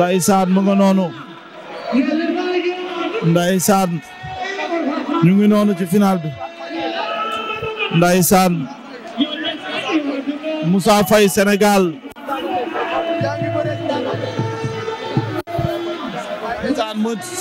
Ndeysaan mu nga noonu Ndeysaan ñu ngi noonu ci final bi Ndeysaan Moussa Faye Sénégal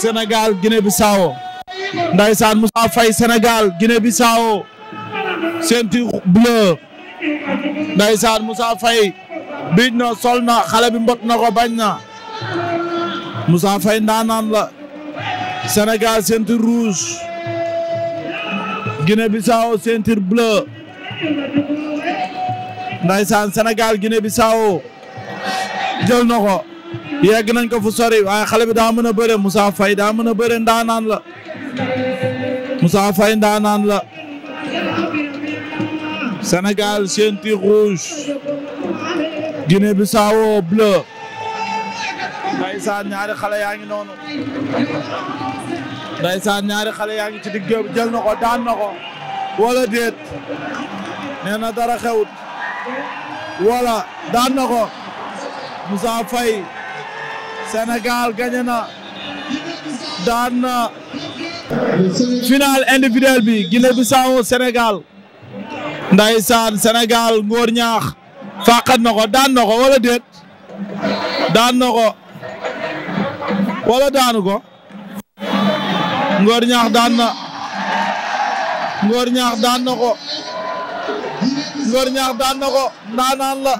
Sénégal Guinée Bissau Ndeysaan Moussa Faye Sénégal Guinée Bissau ceinture bleu Ndeysaan Moussa Faye biij na sol na bi mbot ko bañ Moussa Faye ndaanaan la Sénégal ceinture rouge Guinée Bissau ceinture bleu ndaysaan Sénégal Guinée Bissau jël na ko yegg nañ ko fu sori waaye xale bi daa mën a bëre Moussa daa mën a bëre ndaanaan la Moussa Faye ndaanaan la Sénégal ceinture rouge Guinée Bissau bleu ndaysaan ñaari xale yaa ngi noonu ndaysaan ñaari xale yaa ngi ci digg jël na ko daan na ko wala déet nee dara xewut wala daan na ko Moussa Faye Sénégal gagné na daan na final individuel bi Guinée-Bissau Sénégal ndaysaan Sénégal ngóor ñaax fàqat na ko daan ko wala déet wala daan ko. Ngor ñaax daan na. Ngor ñaax daan na ko. Ngor ñaax daan na ko ndaanaan la.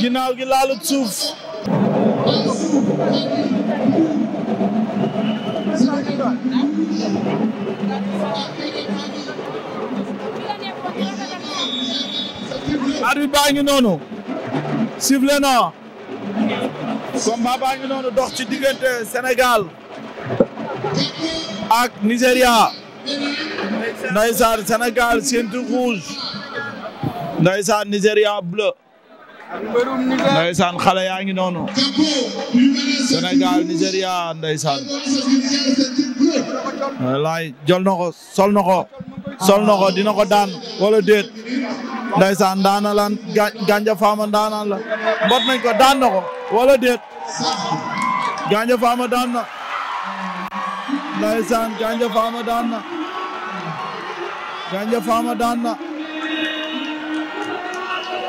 ginnaaw gi laalut suuf. arbitre baa ngi na. combat baa ngi noonu dox ci diggante Sénégal ak Nigéria ndaysaan Sénégal ceinture rouge ndaysaan Nigéria bleu ndaysaan xale yaa ngi noonu Sénégal Nigéria ndaysaan wallaay jël na ko sol na ko sol na ko dina daan wala déet ndaysaan daana lan ganja faama daanaan la mbot nañ ko daan na wala déet ganja faama daan na ganja faama daan ganja faama daan na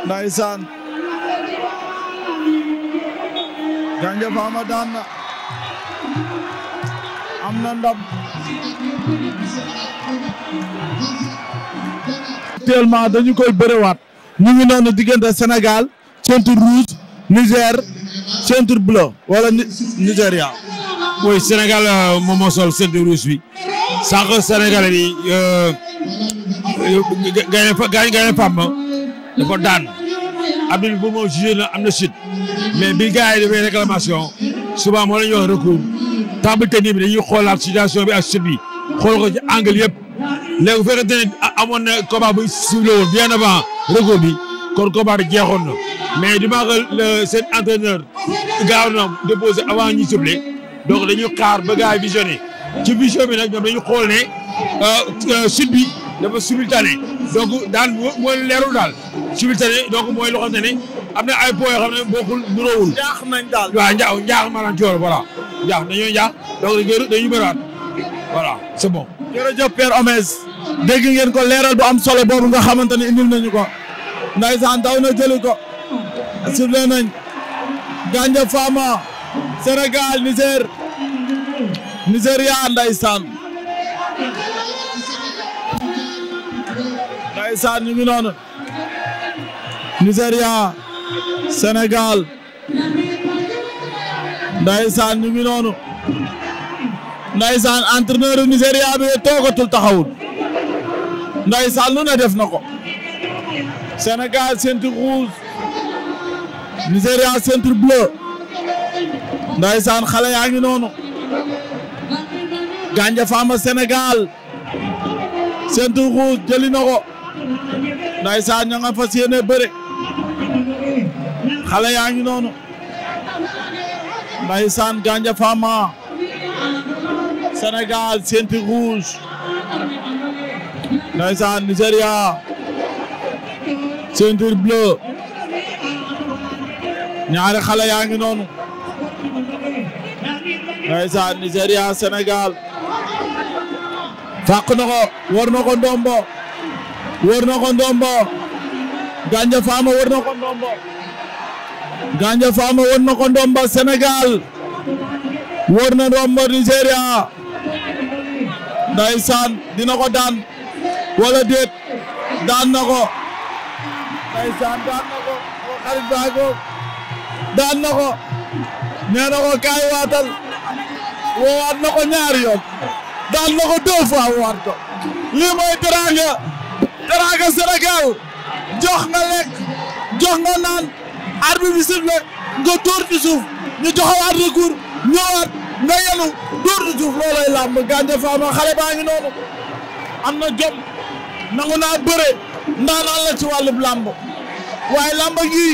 ganja faama daan am na ndam actuellement dañu koy bëriwaat ñu ngi noonu diggante Sénégal ceinture rouge Niger centre bleu wala Nigeria. oui Sénégal euh, moom moo sol ceinture rouge bi sànq Sénégal bi euh, gaañ gaañ gaañ PAM dafa daan ab bi bu moo jugé na am na chute mais bi gars yi dafay réclamation souvent moo la ñuy table technique bi dañuy xoolaat situation bi ak bi xool ko ci angle yëpp. léegi bu fekkente ne amoon na combat bu sible woon avant recours bi kon combat bi jeexoon na mais du maa le seen entraîneur gaaw na déposé avant ñuy sible donc dañuy xaar ba gars yi visionné ci vision bi nag ñoom dañu xool ne euh, euh, sud bi dafa simultané donc daan mooy leerul daal simultané donc mooy loo xam ne am ne ay po yoo xam ne bokkul nuróowul. njaax nañ daal waaw njaax njaax maanaam ci voilà njaax dañoo njaax donc dañuy dañuy bëraat voilà c'est bon. jërëjëf dégg ngeen ko leeral bu am solo boobu nga xamante ne indil nañu ko ndaysaan daw na jëli ko suble nañ Gandia Fama Sénégal Niger Nigeria ndaysaan ndaysaan ñu ngi noonu Nigeria Sénégal ndaysaan ñu ngi noonu ndaysaan entraîneur Nigeria bi taxawul ndeysaan lu ne def na ko Sénégal centre rouge Nigéria centre bleu ndeysaan xale yaa ngi noonu Gandia Fama Sénégal centre rouge jëli na ko ndeysaan ña nga fas yéene bëre xale yaa ngi noonu ndeysaan Gandia Fama Sénégal centre rouge ndeysaan Nigéria ceinture bleu ñaari xale yaa ngi noonu ndeysaan Nigéria Sénégal fàq na ko war na ko ndombo na ko ndombo Ganja Fama war na ko Ganja Fama war na ko ndombo Sénégal war na Nigéria ndeysaan dina ko wala déet daan na ko ndeysaan daan na ko xarit baa ngoog daan na ko nee na ko kaay waatal woowaat na ko ñaari yoon daan na ko deux fois woowaat ko lii mooy teraanga teraanga Sénégal jox nga lekk jox nga naan arbitre bi nga dóor ci suuf ñu joxawaat recours ñëwaat nga yelu dóor ci suuf loolay làmb Gandia Fama xale baa ngi noonu am na jom nangu naa bëre ndaanaan la ci wàllub làmb waaye làmb gi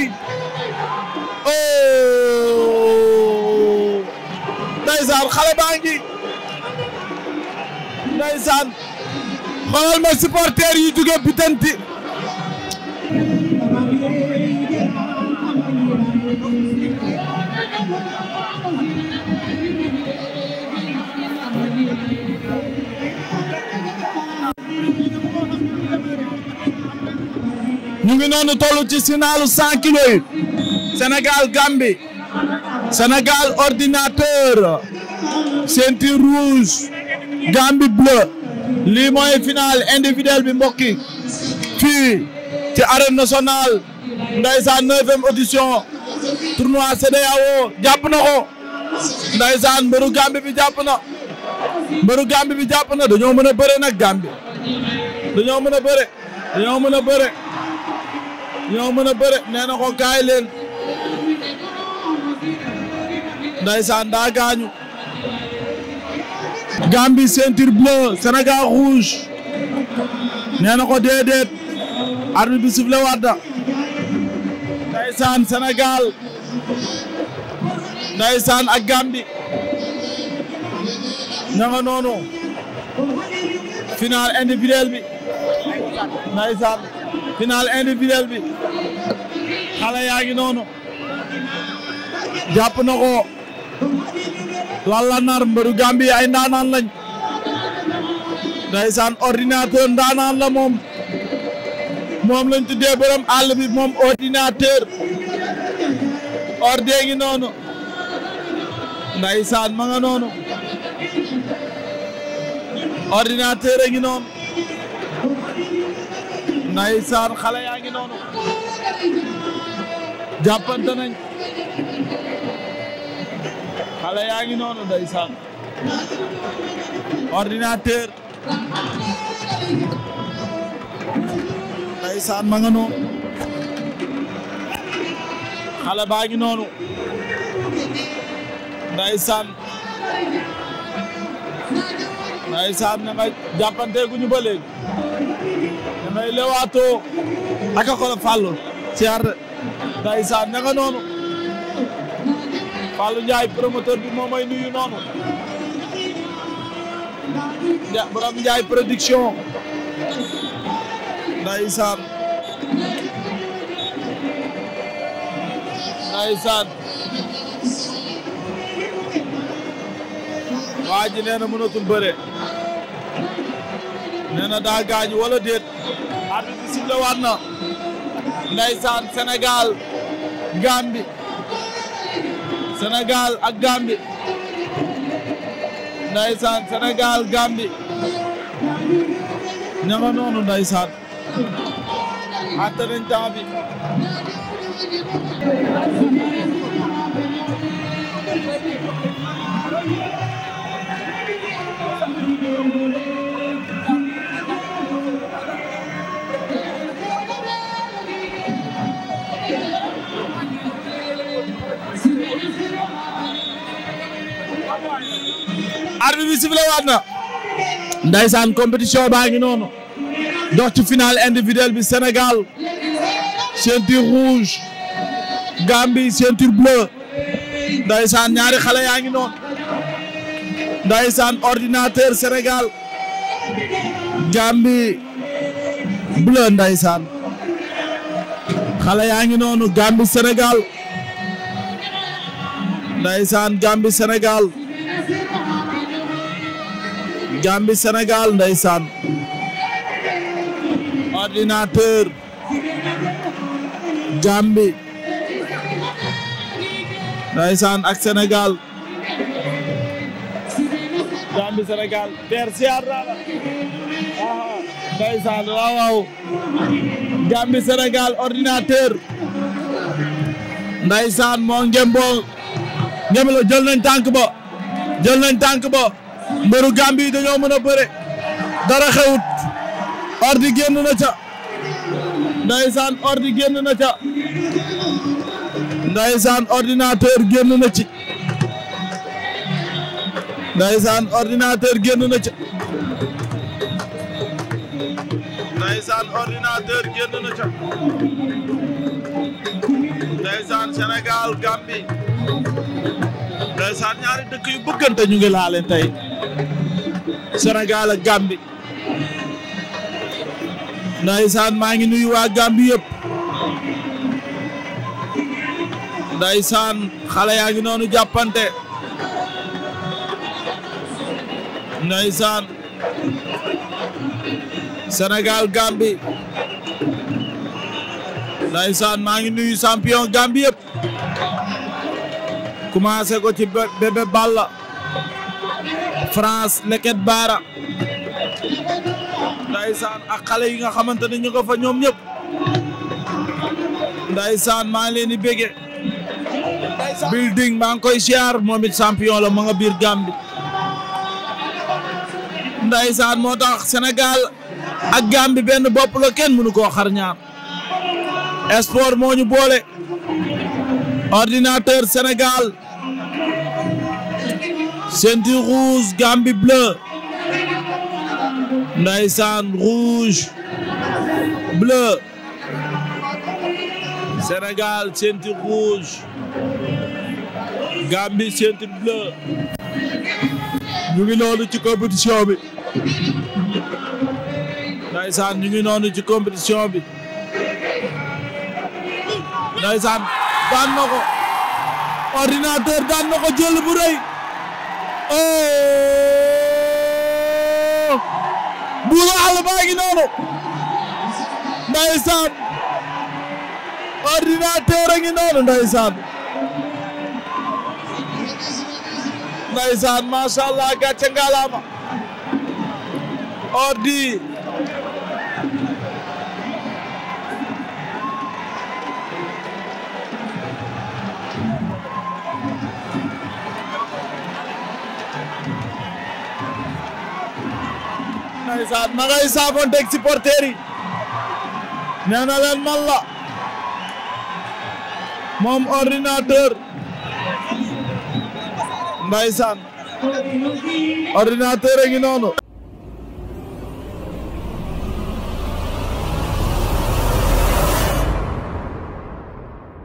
oh ndeysaan xale baa ngi ndeysaan xoolal ma supporter yi jóge bitanti ngi noonu toll ci finaalu cent kilos yi Sénégal Gambie Sénégal ordinateur ceinture rouge Gambie bleu lii mooy final individuel bi mbokk yi fii ci arène nationale ndaysaan neuvième audition tournoi CEDEAO jàpp na ko ndaysaan mbëru Gambie bi jàpp na mbëru Gambie bi jàpp na dañoo mën a bëre nag Gambie dañoo mën a bëre dañoo mën a bëre ñoo mën a nee na ko gaay leen ndaysaan daa gaañu Gambie ceinture bleu Sénégal rouge nee na ko déedéet arbitre bi sifflé waat na ndaysaan Sénégal ndaysaan ak noonu final individuel bi final individuel bi xale yaa ngi noonu jàpp na ko lan la nar mbëru Gambie ay ndaanaan lañ ndaysaan ordinateur ndaanaan la moom moom lañ tuddee borom àll bi moom ordinateur ordee ngi noonu ndaysaan ma nga noonu ordinateur ngi noonu ndeysaan xale yaa ngi noonu jàppante nañ xale yaa ngi noonu ndeysaan ordinateur ndeysaan ma nga noonu xale baa ngi noonu ndeysaan ndeysaan na nga jàppanteeguñu ba léegi da ngay lewaatoo ak a xool Fallou Thiar ndeysaan noonu Fallou Ndiaye promoteur bi moo may nuyu noonu borom Ndiaye production ndeysaan ndeysaan waa ji nee na mënatul bëre nee na daa gaañu wala déet arbitre bi sifflé na ndeysaan Sénégal Gambi Sénégal ak Gambi senegaal Sénégal Gambi ña nga noonu nañ temps arbitre bi sifflé waat na ndaysaan compétition baa ngi noonu dox ci finale individuelle bi Sénégal ceinture rouge Gambie ceinture bleue ndaysaan ñaari xale yaa ngi noonu ndaysaan ordinateur Sénégal Gambie bleu ndaysaan xale yaa ngi noonu Gambie Sénégal ndaysaan Gambie Sénégal Gambie Sénégal ndeysaan ordinateur Gambie ndeysaan ak Sénégal Gambie Sénégal ter siar dala aha ndeysaan ordinateur ndeysaan moo ngemboo ngembalo jël nañ tànk ba nañ tànk ba mbëru Gàmbi yi dañoo mën a bëre dara xewut ordi génn na ca ndaysaan ordi génn na ca ndaysaan ordinateur génn na ci ndaysaan ordinateur génn na ca ndaysaan ordinateur génn na ca ndaysaan Sénégal Gàmbi ndaysaan ñaari dëkk yu bëggante ñu ngi laaleen tey Sénégal ak Gambie ndaysaan maa ngi nuyu waa yépp yëpp ndaysaan xale yaa ngi noonu jàppante ndaysaan Sénégal Gambie ndaysaan maa ngi nuyu champion Gambie yëpp commencé ko ci Bébé Balla France Leket Baara ndaysaan ak xale yi nga xamante ne ñu nga fa ñoom ñëpp ndaysaan maa ngi leen di maa ngi koy siyaar moom it champion la ma nga biir Gambie ndaysaan moo tax Sénégal ak Gambie benn bopp la kenn mënu koo xar ñaar sport moo ñu boole ordinateur Sénégal ceinture rouge Gambie bleu ndaysaan rouge bleu Sénégal ceinture rouge Gambie ceinture bleu ñu noonu ci compétition bi ndaysaan ñu ngi noonu ci compétition bi ndaysaan daan na ordinateur daan na ko jël bu Oh! buuru àll baa ngi noonu ndeysaan ordinateur a ngi noonu ndeysaan ndeysaan macha allah gàcce ngalaama ordi ndeysaan ma ngay saafonteeg supporter yi nee na moom ordinateur ndeysaan ordinateur a ngi noonu